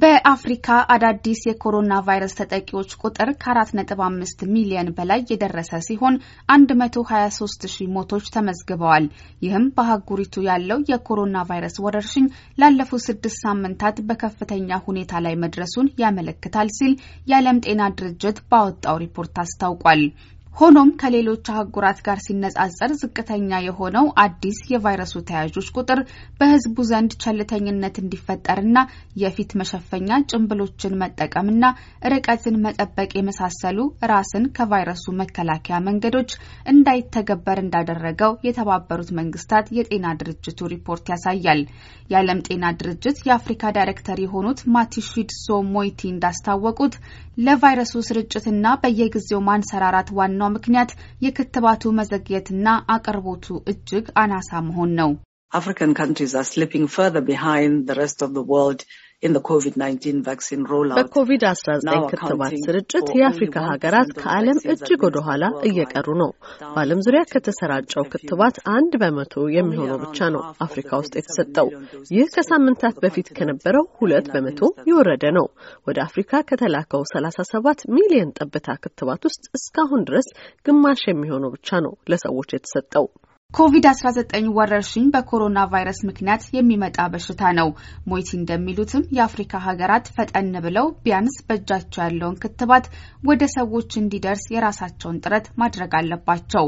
በአፍሪካ አዳዲስ የኮሮና ቫይረስ ተጠቂዎች ቁጥር ከ4.5 ሚሊዮን በላይ የደረሰ ሲሆን 123 ሺህ ሞቶች ተመዝግበዋል። ይህም በአህጉሪቱ ያለው የኮሮና ቫይረስ ወረርሽኝ ላለፉት ስድስት ሳምንታት በከፍተኛ ሁኔታ ላይ መድረሱን ያመለክታል ሲል የዓለም ጤና ድርጅት ባወጣው ሪፖርት አስታውቋል። ሆኖም ከሌሎች አህጉራት ጋር ሲነጻጸር ዝቅተኛ የሆነው አዲስ የቫይረሱ ተያዦች ቁጥር በሕዝቡ ዘንድ ቸልተኝነት እንዲፈጠርና የፊት መሸፈኛ ጭንብሎችን መጠቀምና ርቀትን መጠበቅ የመሳሰሉ ራስን ከቫይረሱ መከላከያ መንገዶች እንዳይተገበር እንዳደረገው የተባበሩት መንግስታት የጤና ድርጅቱ ሪፖርት ያሳያል። የዓለም ጤና ድርጅት የአፍሪካ ዳይሬክተር የሆኑት ማቲሺድሶ ሞይቲ እንዳስታወቁት ለቫይረሱ ስርጭትና በየጊዜው ማንሰራራት ዋና ዋናው ምክንያት የክትባቱ መዘግየትና አቅርቦቱ እጅግ አናሳ መሆን ነው። African countries are slipping further behind the rest of the world በኮቪድ-19 ክትባት ስርጭት የአፍሪካ ሀገራት ከዓለም እጅግ ወደ ኋላ እየቀሩ ነው። በዓለም ዙሪያ ከተሰራጨው ክትባት አንድ በመቶ የሚሆነው ብቻ ነው አፍሪካ ውስጥ የተሰጠው። ይህ ከሳምንታት በፊት ከነበረው ሁለት በመቶ የወረደ ነው። ወደ አፍሪካ ከተላከው 37 ሚሊዮን ጠብታ ክትባት ውስጥ እስካሁን ድረስ ግማሽ የሚሆነው ብቻ ነው ለሰዎች የተሰጠው። ኮቪድ-19 ወረርሽኝ በኮሮና ቫይረስ ምክንያት የሚመጣ በሽታ ነው። ሞይቲ እንደሚሉትም የአፍሪካ ሀገራት ፈጠን ብለው ቢያንስ በእጃቸው ያለውን ክትባት ወደ ሰዎች እንዲደርስ የራሳቸውን ጥረት ማድረግ አለባቸው።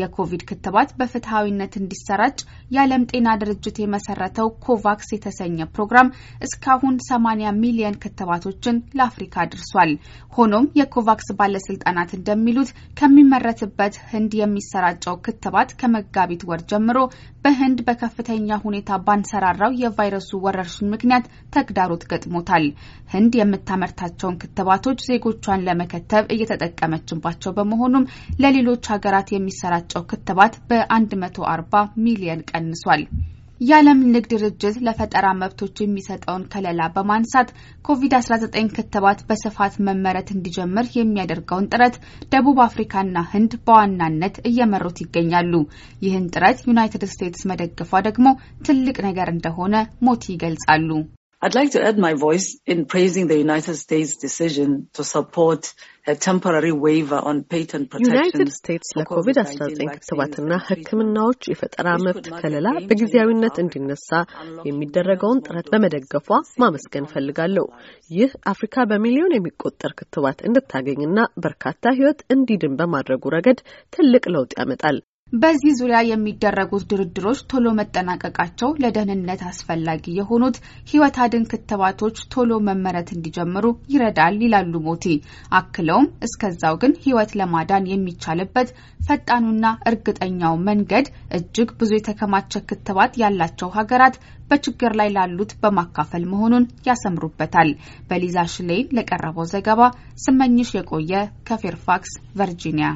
የኮቪድ ክትባት በፍትሐዊነት እንዲሰራጭ የዓለም ጤና ድርጅት የመሰረተው ኮቫክስ የተሰኘ ፕሮግራም እስካሁን 80 ሚሊየን ክትባቶችን ለአፍሪካ አድርሷል። ሆኖም የኮቫክስ ባለስልጣናት እንደሚሉት ከሚመረትበት ህንድ የሚሰራጨው ክትባት ከመጋ መጋቢት ወር ጀምሮ በህንድ በከፍተኛ ሁኔታ ባንሰራራው የቫይረሱ ወረርሽኝ ምክንያት ተግዳሮት ገጥሞታል። ህንድ የምታመርታቸውን ክትባቶች ዜጎቿን ለመከተብ እየተጠቀመችባቸው በመሆኑም ለሌሎች ሀገራት የሚሰራጨው ክትባት በ140 ሚሊየን ቀንሷል። የዓለም ንግድ ድርጅት ለፈጠራ መብቶች የሚሰጠውን ከለላ በማንሳት ኮቪድ-19 ክትባት በስፋት መመረት እንዲጀምር የሚያደርገውን ጥረት ደቡብ አፍሪካና ህንድ በዋናነት እየመሩት ይገኛሉ። ይህን ጥረት ዩናይትድ ስቴትስ መደገፏ ደግሞ ትልቅ ነገር እንደሆነ ሞቲ ይገልጻሉ። I'd like to add my voice in praising the United States decision to support a temporary waiver on patent protection. ዩናይትድ ስቴትስ ለኮቪድ-19 ክትባትና ሕክምናዎች የፈጠራ መብት ከለላ በጊዜያዊነት እንዲነሳ የሚደረገውን ጥረት በመደገፏ ማመስገን ፈልጋለሁ። ይህ አፍሪካ በሚሊዮን የሚቆጠር ክትባት እንድታገኝና በርካታ ሕይወት እንዲድን በማድረጉ ረገድ ትልቅ ለውጥ ያመጣል። በዚህ ዙሪያ የሚደረጉት ድርድሮች ቶሎ መጠናቀቃቸው ለደህንነት አስፈላጊ የሆኑት ህይወት አድን ክትባቶች ቶሎ መመረት እንዲጀምሩ ይረዳል ይላሉ ሞቲ። አክለውም እስከዛው ግን ህይወት ለማዳን የሚቻልበት ፈጣኑና እርግጠኛው መንገድ እጅግ ብዙ የተከማቸ ክትባት ያላቸው ሀገራት በችግር ላይ ላሉት በማካፈል መሆኑን ያሰምሩበታል። በሊዛ ሽሌይን ለቀረበው ዘገባ ስመኝሽ የቆየ ከፌርፋክስ ቨርጂኒያ